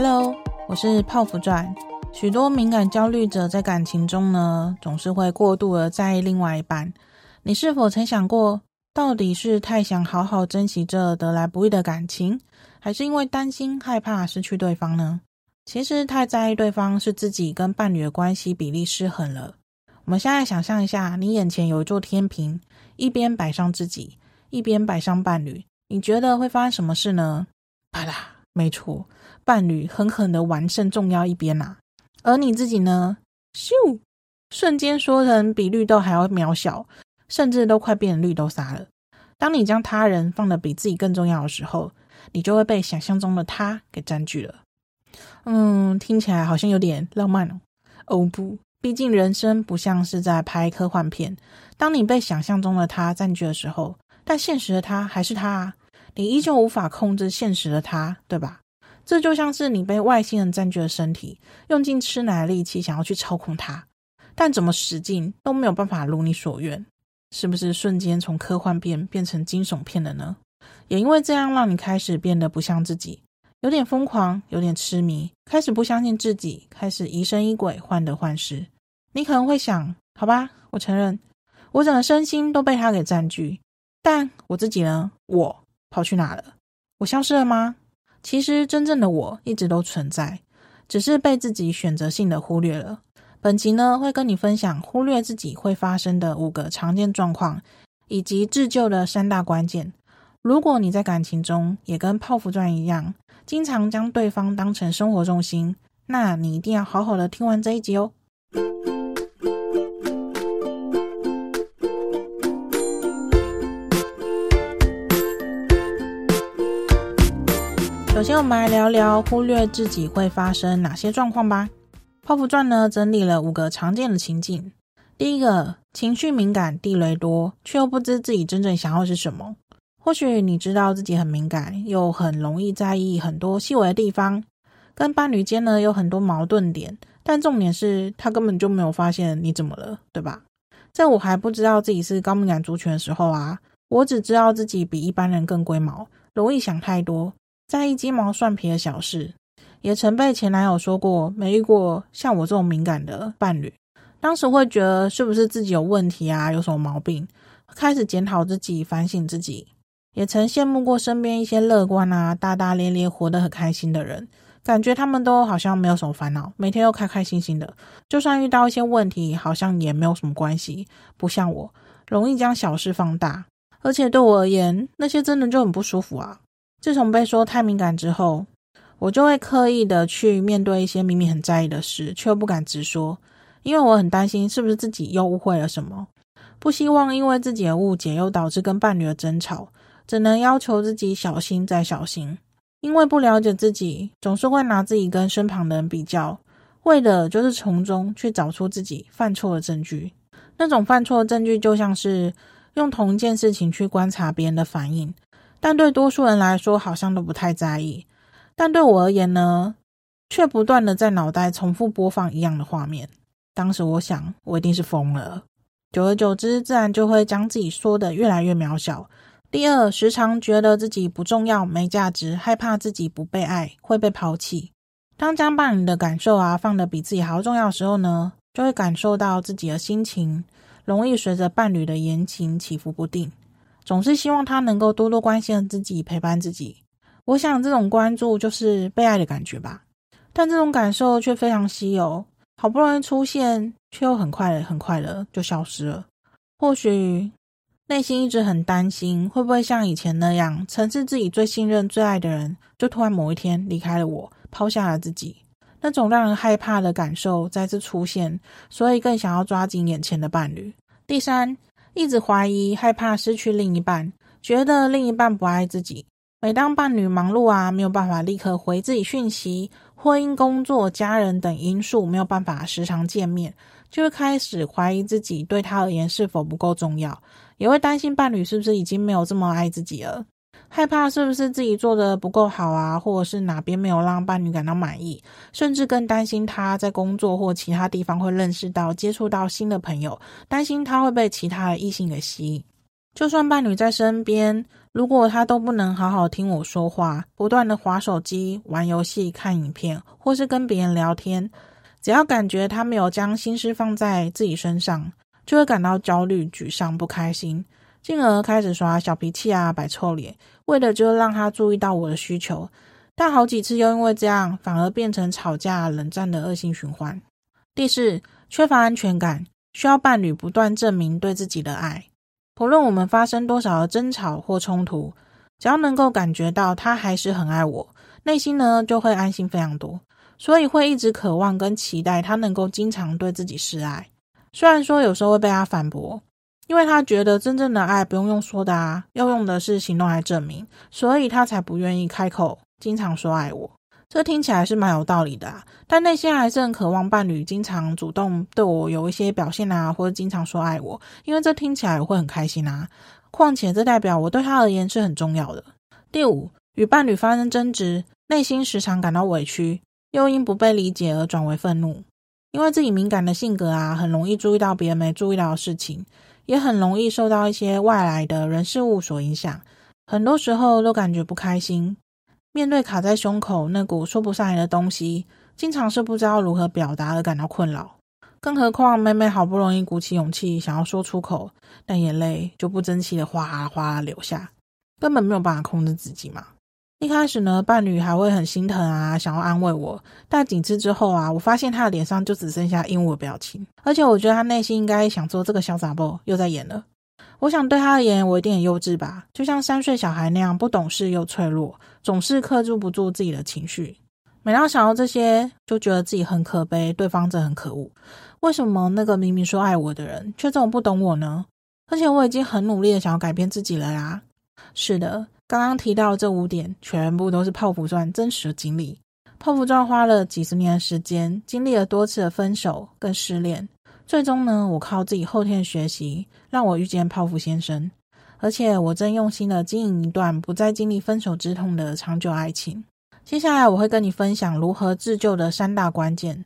Hello，我是泡芙鑽。許多敏感焦慮者在感情中呢，總是會過度而在意另外一半。你是否曾想過，到底是太想好好珍惜這得來不易的感情，還是因為擔心害怕失去對方呢？其實，太在意對方是自己跟伴侶的關係比例失衡了。我們現在想象一下，你眼前有一座天平，一邊擺上自己，一邊擺上伴侶，你覺得會發生什麼事呢？啪啦，沒錯。伴侶狠狠地完勝重要一邊吶、啊，而你自己呢？咻，瞬間縮成比綠豆還要渺小，甚至都快變成綠豆沙了。當你將他人放得比自己更重要的時候，你就會被想象中的他給占據了。嗯，聽起來好像有點浪漫、喔、哦。哦不，畢竟人生不像是在拍科幻片。當你被想象中的他占據的時候，但現實的他還是他、啊，你依舊無法控制現實的他，對吧？這就像是你被外星人占據了身體，用盡吃奶的力氣想要去操控他，但怎麼使勁都沒有辦法如你所願，是不是瞬間從科幻片變，變成驚悚片了呢？也因為這樣，讓你開始變得不像自己，有點瘋狂，有點痴迷，開始不相信自己，開始疑神疑鬼，患得患失。你可能會想：好吧，我承認，我整個身心都被他給占據，但我自己呢？我跑去哪了？我消失了嗎？其實，真正的我一直都存在，只是被自己選擇性的忽略了。本集呢，會跟你分享忽略自己會發生的五個常見狀況，以及自救的三大關鍵。如果你在感情中也跟泡芙鑽一樣，經常將對方當成生活重心，那你一定要好好的聽完這一集哦。首先，我們來聊聊忽略自己會發生哪些狀況吧。泡芙鑽呢，整理了五個常見的情境。第一個，情緒敏感，地雷多，卻又不知自己真正想要是什麼。或許你知道自己很敏感，又很容易在意很多細微的地方，跟伴侶間呢，有很多矛盾點，但重點是他根本就沒有發現你怎麼了，對吧？在我還不知道自己是高敏感族群的時候啊，我只知道自己比一般人更龜毛，容易想太多。在意雞毛蒜皮的小事，也曾被前男友說過沒遇過像我這種敏感的伴侶。當時會覺得是不是自己有問題啊，有什麼毛病？開始檢討自己，反省自己。也曾羨慕過身邊一些樂觀啊、大大咧咧、活得很開心的人，感覺他們都好像沒有什麼煩惱，每天又開開心心的。就算遇到一些問題，好像也沒有什麼關係。不像我，容易將小事放大。而且對我而言，那些真的就很不舒服啊。自從被說太敏感之後，我就會刻意的去面對一些明明很在意的事，卻不敢直說，因為我很擔心是不是自己又誤會了什麼，不希望因為自己的誤解又導致跟伴侶的爭吵，只能要求自己小心再小心。因為不了解自己，總是會拿自己跟身旁的人比較，為的就是從中去找出自己犯錯的證據。那種犯錯的證據就像是用同一件事情去觀察別人的反應。但對多數人來說，好像都不太在意。但對我而言呢，卻不斷的在腦袋重複播放一樣的畫面。當時我想，我一定是瘋了。久而久之，自然就會將自己說得越來越渺小。第二，時常覺得自己不重要、沒價值，害怕自己不被愛，會被拋棄。當將伴侶的感受啊放得比自己還要重要的時候呢，就會感受到自己的心情容易隨着伴侶的言行起伏不定。總是希望他能夠多多關心自己，陪伴自己。我想這種關注就是被愛的感覺吧。但這種感受卻非常稀有，好不容易出現，卻又很快很快的就消失了。或許內心一直很擔心，會不會像以前那樣，曾是自己最信任、最愛的人，就突然某一天離開了我，拋下了自己。那種讓人害怕的感受再次出現，所以更想要抓緊眼前的伴侶。第三。一直懷疑、害怕失去另一半，覺得另一半不愛自己。每當伴侶忙碌啊，沒有辦法立刻回自己訊息，婚姻、工作、家人等因素沒有辦法時常見面，就會開始懷疑自己對他而言是否不夠重要，也會擔心伴侶是不是已經沒有這麼愛自己了。害怕是不是自己做得不夠好啊，或者是哪邊沒有讓伴侶感到滿意，甚至更擔心他在工作或其他地方會認識到、接觸到新的朋友，擔心他會被其他的異性給吸引。就算伴侶在身邊，如果他都不能好好聽我說話，不斷地滑手機、玩遊戲、看影片，或是跟別人聊天，只要感覺他沒有將心思放在自己身上，就會感到焦慮、沮喪、不開心。進而開始耍小脾氣啊，擺臭臉，為了就讓他注意到我的需求。但好幾次又因為這樣，反而變成吵架、冷戰的惡性循環。第四，缺乏安全感，需要伴侶不斷證明對自己的愛。不論我們發生多少的爭吵或衝突，只要能夠感覺到他還是很愛我，內心呢就會安心非常多。所以會一直渴望跟期待他能夠經常對自己示愛，雖然說有時候會被他反駁。因為他覺得真正的愛不用用說的啊，要用的是行動來證明，所以他才不願意開口，經常說愛我。這聽起來是蠻有道理的啊，但內心還是很渴望伴侶經常主動對我有一些表現啊，或者經常說愛我，因為這聽起來我會很開心啊。況且這代表我對他而言是很重要的。第五，與伴侶發生爭執，內心時常感到委屈，又因不被理解而轉為憤怒，因為自己敏感的性格啊，很容易注意到別人沒注意到的事情。也很容易受到一些外來的人事物所影響，很多時候都感覺不開心。面對卡在胸口那股說不上來的東西，經常是不知道如何表達而感到困擾。更何況妹妹好不容易鼓起勇氣想要說出口，但眼淚就不爭氣的嘩啦嘩啦流下，根本沒有辦法控制自己嘛。一開始呢，伴侶還會很心疼啊，想要安慰我。但緊次之後啊，我發現他的臉上就只剩下厭惡的表情，而且我覺得他內心應該想做這個小灑 b 又在演了。我想對他而言，我一定很幼稚吧，就像三歲小孩那樣不懂事又脆弱，總是克制不住自己的情緒。每當想到這些，就覺得自己很可悲，對方則很可惡。為什麼那個明明說愛我的人，卻這麼不懂我呢？而且我已經很努力的想要改變自己了呀。是的，剛剛提到這五點，全部都是泡芙鑽真實的經歷。泡芙鑽花了幾十年的時間，經歷了多次的分手跟失戀，最終呢，我靠自己後天學習，讓我遇見泡芙先生，而且我正用心的經營一段不再經歷分手之痛的長久愛情。接下來我會跟你分享如何自救的三大關鍵：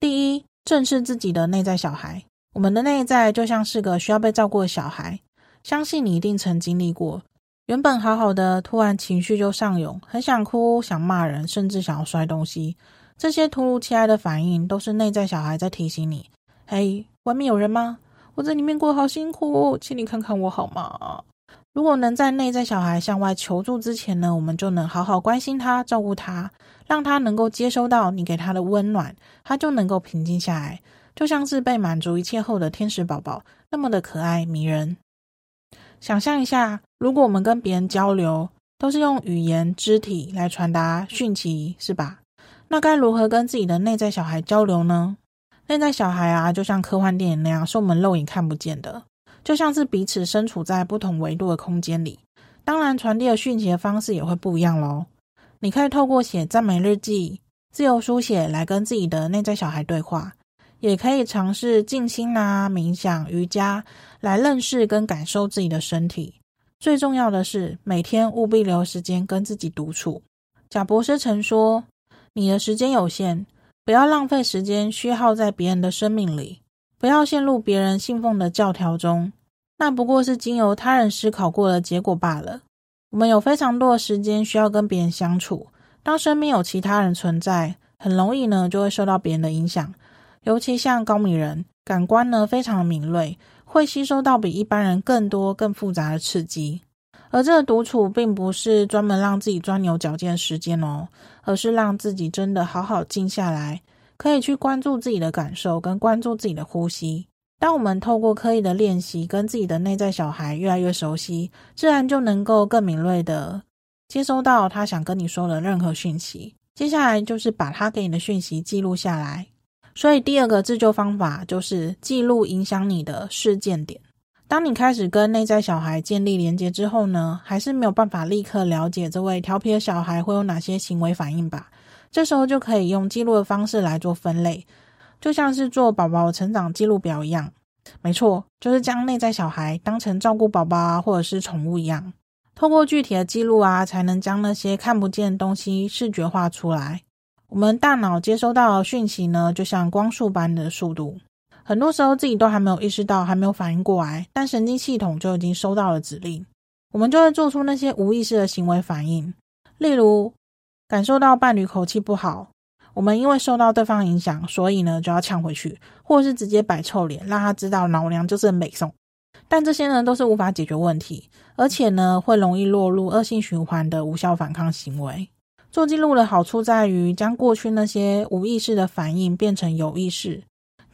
第一，正視自己的內在小孩。我們的內在就像是個需要被照顧的小孩，相信你一定曾經歷過。原本好好的，突然情緒就上湧，很想哭，想罵人，甚至想要摔東西。這些突如其來的反應，都是內在小孩在提醒你：“嘿，外面有人嗎？我在裡面過好辛苦哦，請你看看我好嗎？”如果能在內在小孩向外求助之前呢，我們就能好好關心他、照顧他，讓他能夠接收到你給他的溫暖，他就能夠平靜下來，就像是被滿足一切後的天使寶寶那麼的可愛迷人。想象一下。如果我們跟別人交流都是用語言、肢體來傳達訊息，是吧？那該如何跟自己的內在小孩交流呢？內在小孩啊，就像科幻電影那樣，是我們肉眼看不見的，就像是彼此身處在不同維度的空間裡。當然，傳遞的訊息的方式也會不一樣嘍。你可以透過寫讚美日記、自由書寫來跟自己的內在小孩對話，也可以嘗試靜心啊、冥想、瑜伽來認識跟感受自己的身體。最重要的是，每天務必留時間跟自己獨處。賈伯斯曾說：“你的時間有限，不要浪費時間虛耗在別人的生命裡，不要陷入別人信奉的教條中，那不過是經由他人思考過的結果罷了。”我們有非常多的時間需要跟別人相處，當身邊有其他人存在，很容易呢就會受到別人的影響，尤其像高敏人，感官呢非常敏銳。會吸收到比一般人更多、更複雜的刺激，而這個獨處並不是專門讓自己鑽牛角尖的時間哦，而是讓自己真的好好靜下來，可以去關注自己的感受，跟關注自己的呼吸。當我們透過刻意的練習，跟自己的內在小孩越來越熟悉，自然就能夠更敏銳地接收到他想跟你說的任何訊息。接下來就是把他給你的訊息記錄下來。所以，第二個自救方法就是記錄影響你的事件點。當你開始跟內在小孩建立連接之後呢，還是沒有辦法立刻了解這位調皮的小孩會有哪些行為反應吧？這時候就可以用記錄的方式來做分類，就像是做寶寶成長記錄表一樣。沒錯，就是將內在小孩當成照顧寶寶啊，或者是寵物一樣，透過具體的記錄啊，才能將那些看不見的東西視覺化出來。我們大腦接收到的訊息呢，就像光速般的速度，很多時候自己都還沒有意識到，還沒有反應過來，但神經系統就已經收到了指令，我們就會做出那些無意識的行為反應。例如，感受到伴侶口氣不好，我們因為受到對方影響，所以呢就要嗆回去，或是直接擺臭臉，讓他知道老娘就是美頌。但這些呢都是無法解決問題，而且呢會容易落入惡性循環的無效反抗行為。做記錄的好處在於，將過去那些無意識的反應變成有意識。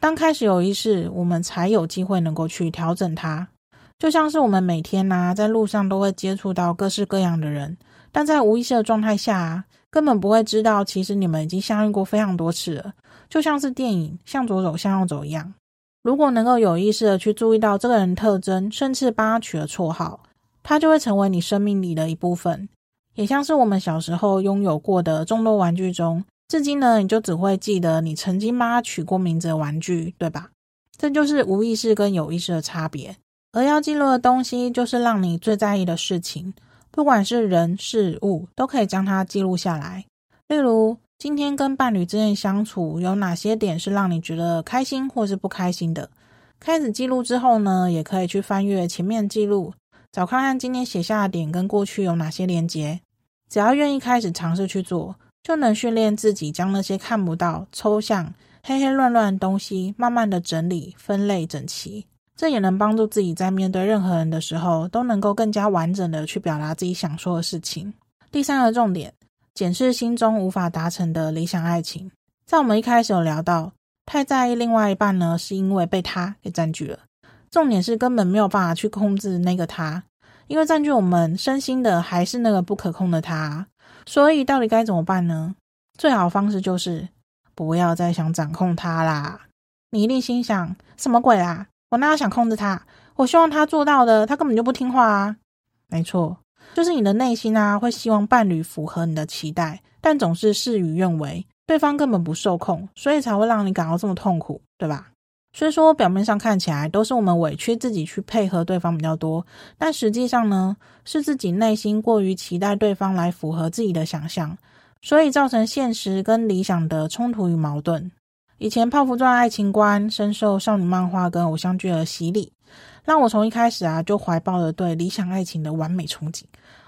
當開始有意識，我們才有機會能夠去調整它。就像是我們每天吶、啊，在路上都會接觸到各式各樣的人，但在無意識的狀態下、啊，根本不會知道，其實你們已經相遇過非常多次了。就像是電影《向左走，向右走》一樣，如果能夠有意識地去注意到這個人特徵，甚至幫他取了綽號，他就會成為你生命裡的一部分。也像是我們小時候擁有過的眾多玩具中，至今呢，你就只會記得你曾經幫他取過名字的玩具，對吧？這就是無意識跟有意識的差別。而要記錄的東西，就是讓你最在意的事情，不管是人、事、物，都可以將它記錄下來。例如，今天跟伴侶之間相處，有哪些點是讓你覺得開心或是不開心的？開始記錄之後呢，也可以去翻閱前面記錄。找看看今天寫下的點跟過去有哪些連結，只要願意開始嘗試去做，就能訓練自己將那些看不到、抽象、黑黑亂亂的東西，慢慢的整理、分類整齊。這也能幫助自己在面對任何人的時候，都能夠更加完整的去表達自己想說的事情。第三個重點，檢視心中無法達成的理想愛情。在我們一開始有聊到，太在意另外一半呢，是因為被他給佔據了。重點是根本沒有辦法去控制那個他，因為占據我們身心的還是那個不可控的他，所以到底該怎麼辦呢？最好方式就是不要再想掌控他啦。你一定心想什麼鬼啦、啊？我哪有想控制他？我希望他做到的，他根本就不聽話啊！沒錯，就是你的內心啊，會希望伴侶符合你的期待，但總是事與願違，對方根本不受控，所以才會讓你感到這麼痛苦，對吧？雖說表面上看起來都是我們委屈自己去配合對方比較多，但實際上呢，是自己內心過於期待對方來符合自己的想象，所以造成現實跟理想的衝突與矛盾。以前泡芙鑽愛情觀深受少女漫畫跟偶像劇的洗禮，讓我從一開始啊就懷抱着對理想愛情的完美憧憬。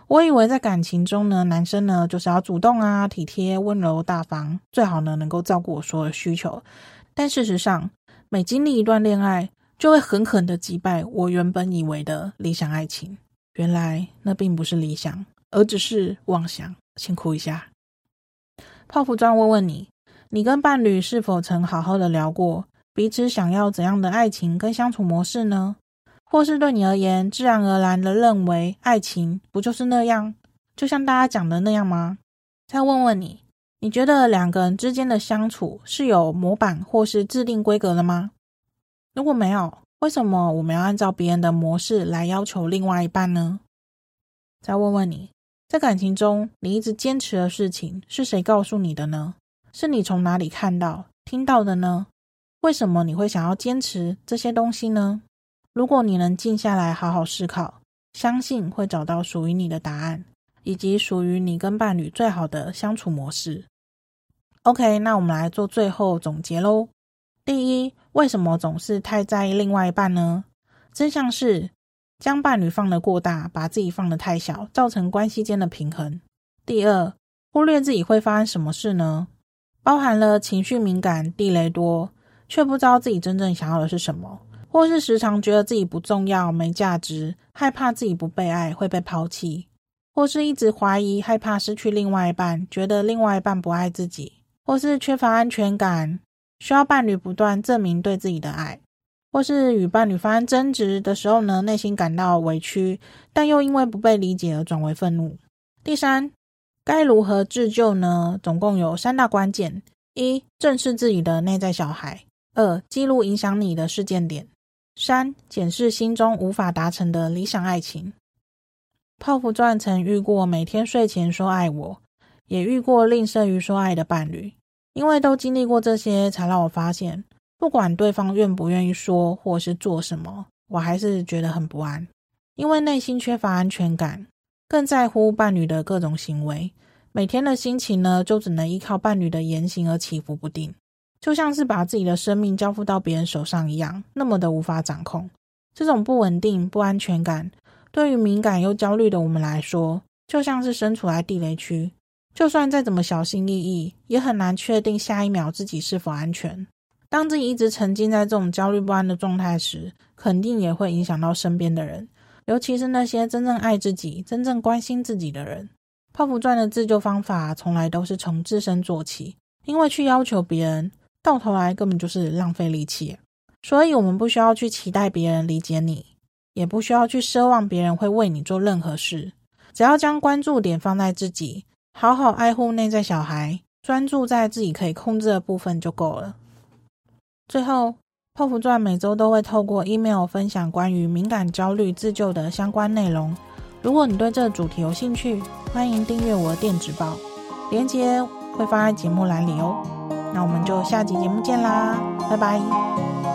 我以為在感情中呢，男生呢就是要主動啊、體貼、溫柔、大方，最好呢能夠照顧我所有需求。但事實上，每經歷一段戀愛，就會狠狠地擊敗我原本以為的理想愛情。原來那並不是理想，而只是妄想。辛苦一下。泡芙鑽問問你：你跟伴侶是否曾好好的聊過彼此想要怎樣的愛情跟相處模式呢？或是對你而言，自然而然地認為愛情不就是那樣？就像大家講的那樣嗎？再問問你。你覺得兩個人之間的相處是有模板，或是制定規格的嗎？如果沒有，為什麼我們要按照別人的模式來要求另外一半呢？再問問你，在感情中，你一直堅持的事情是誰告訴你的呢？是你從哪裡看到、聽到的呢？為什麼你會想要堅持這些東西呢？如果你能靜下來好好思考，相信會找到屬於你的答案。以及屬於你跟伴侶最好的相處模式。OK，那我們來做最後總結嘍。第一，為什麼總是太在意另外一半呢？真相是將伴侶放得過大，把自己放得太小，造成關係間的平衡。第二，忽略自己會發生什麼事呢？包含了情緒敏感、地雷多，卻不知道自己真正想要的是什麼，或是時常覺得自己不重要、沒價值，害怕自己不被愛，會被拋棄。或是一直懷疑、害怕失去另外一半，覺得另外一半不愛自己，或是缺乏安全感，需要伴侶不斷證明對自己的愛；或是與伴侶發生爭執的時候呢，內心感到委屈，但又因為不被理解而轉為憤怒。第三，該如何自救呢？總共有三大關鍵：一、正視自己的內在小孩；二、記錄影響你的事件點；三、檢視心中無法達成的理想愛情。泡芙鑽曾遇過每天睡前說愛我，也遇過吝嗇於說愛的伴侶。因為都經歷過這些，才讓我發現，不管對方願不願意說或是做什麼，我還是覺得很不安。因為內心缺乏安全感，更在乎伴侶的各種行為。每天的心情呢，就只能依靠伴侶的言行而起伏不定，就像是把自己的生命交付到別人手上一樣，那麼的無法掌控。這種不穩定、不安全感，對於敏感又焦慮的我們來說，就像是身處在地雷區，就算再怎麼小心翼翼，也很難確定下一秒自己是否安全。當自己一直沉浸在這種焦慮不安的狀態時，肯定也會影響到身邊的人，尤其是那些真正愛自己、真正關心自己的人。泡芙鑽的自救方法從來都是從自身做起，因為去要求別人，到頭來根本就是浪費力氣。所以，我們不需要去期待別人理解你。也不需要去奢望別人會為你做任何事，只要將關注點放在自己，好好愛護內在小孩，專注在自己可以控制的部分就夠了。最後，泡芙傳每週都會透過 email 分享關於敏感焦慮自救的相關內容，如果你對這個主題有興趣，歡迎訂閱我的電子報，鏈接會放在節目欄裡哦。那我們就下集節目見啦，拜拜。